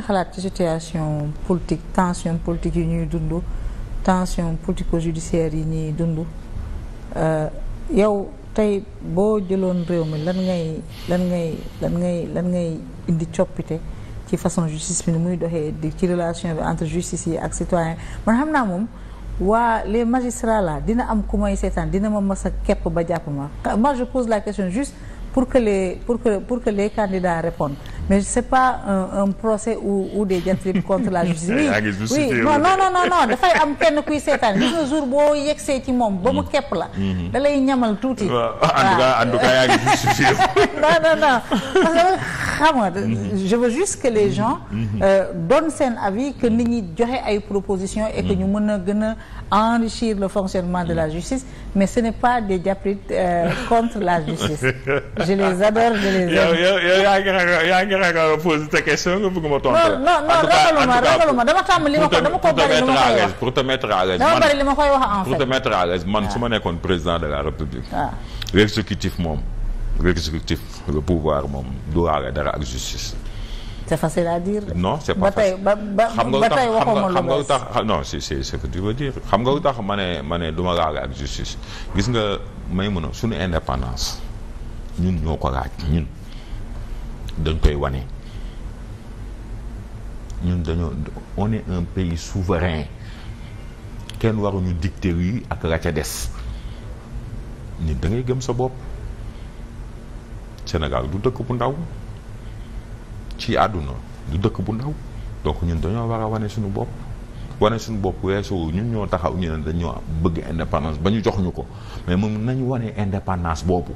nga xalaat ci situation politique tension politique yi ñuy dund tension politico-judiciaire yi ñuy dund euh, yow tey boo jëloon réew mi lan ngay lan ngay lan ngay lan ngay indi coppite ci façon justice bi ni muy doxee di ci relation bi entre justice yi ak citoyen man xam naa moom waa les magistrats là dina am ku may seetaan dina ma mas a ba jàpp ma moi je pose la question juste pour que les pour que pour que les mais c'est pas un, un procès ou ou des diatribes contre la justice. oui non non non non dafay am kenn kuy seetaan gis nga boo yegsee ci moom ba mu mm-hmm. képp la. Mm-hmm. da lay ñamal tuuti. waaw en tout xam nga mhm. je veux juste que les mhm. gens mhm. Euh, donnent seen avis que nit ñi joxe ay proposition et que ñu mën a gën a enrichir le fonctionnement de la justice mais ce n'est pas des diaprites euh, contre la justice je les adore je les aime yow yow yaa ngi ragal yaa ngi ragal poser ta question nga bëgg ma tontu non non ragaluma ma ko wax pour te mettre à l'aise dama bari li ma koy wax en pour te mettre à man su ah. ma nekkoon président de la république ah. l'exécutif moom l'exécutif le pouvoir moom du laale dara ak justice. c'est facile à dire. non c'est pas facile ba xam nga tax xam nga tax ah non c'est c'est ce que tu veux dire xam nga tax ma ne ma ne du ma laale ak justice gis nga may mën a suñu indépendance ñun ñoo ko laaj ñun dañ koy wane. ñun dañoo on est un pays souverain kenn waruñu dicter yi ak la ca des nit da ngay gëm sa bopp. Sénégal du dëkk bu ndaw ci àdduna du dëkk bu ndaw donc ñun dañoo war a wane suñu bopp wane suñu bopp weesu ñun ñoo taxaw ñu ne dañoo bëgg indépendance ba ñu jox ñu ko mais moom nañu wane indépendance boobu.